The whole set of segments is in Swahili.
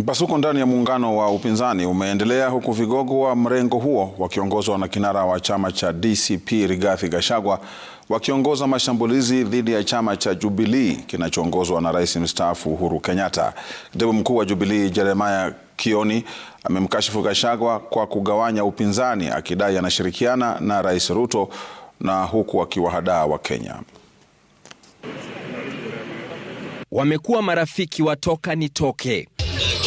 Mpasuko ndani ya muungano wa upinzani umeendelea huku vigogo wa mrengo huo wakiongozwa na kinara wa chama cha DCP Rigathi Gachagua wakiongoza mashambulizi dhidi ya chama cha Jubilee kinachoongozwa na Rais mstaafu Uhuru Kenyatta. Katibu mkuu wa Jubilee Jeremiah Kioni amemkashifu Gachagua kwa kugawanya upinzani akidai anashirikiana na Rais Ruto na huku akiwahadaa kenya Wamekuwa marafiki watoka nitoke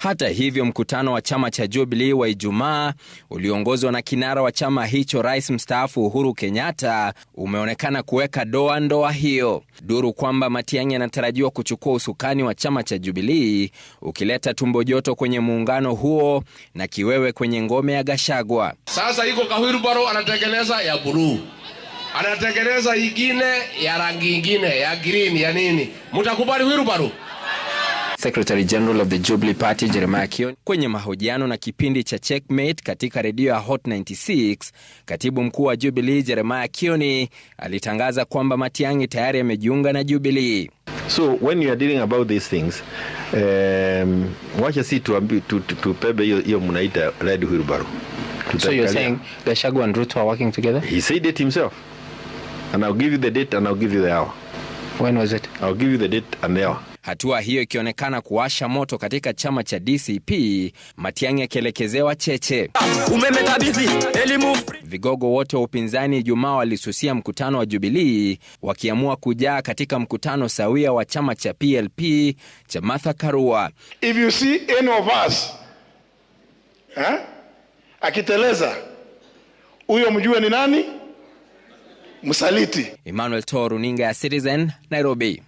Hata hivyo, mkutano wa chama cha Jubilee wa Ijumaa ulioongozwa na kinara wa chama hicho rais mstaafu Uhuru Kenyatta umeonekana kuweka doa ndoa hiyo. Duru kwamba Matiang'i anatarajiwa kuchukua usukani wa chama cha Jubilee, ukileta tumbo joto kwenye muungano huo na kiwewe kwenye ngome ya Gashagwa. Sasa iko Kawiru anatekeleza ya buluu anatekeleza ingine ya rangi ingine ya green ya nini, mtakubali Wirubaru? Secretary General of the Jubilee Party Jeremiah Kioni. Kwenye mahojiano na kipindi cha Checkmate katika redio ya Hot 96, katibu mkuu wa Jubilee Jeremiah Kioni alitangaza kwamba Matiang'i tayari amejiunga na Jubilee. So when you are dealing about these things um, wacha si tuambi, tu, tu, tupebe hiyo mnaita red wheelbarrow. So you're saying Gachagua and Ruto are working together? He said it himself. And I'll give you the date and I'll give you the hour. When was it? I'll give you the date and the hour hatua hiyo ikionekana kuwasha moto katika chama cha DCP, Matiang'i akielekezewa cheche. Vigogo wote wa upinzani Ijumaa walisusia mkutano wa jubilii wakiamua kujaa katika mkutano sawia wa chama cha PLP cha Martha Karua. If you see any of us, akiteleza huyo mjue ni nani msaliti. Emmanuel runinga ya Citizen, Nairobi.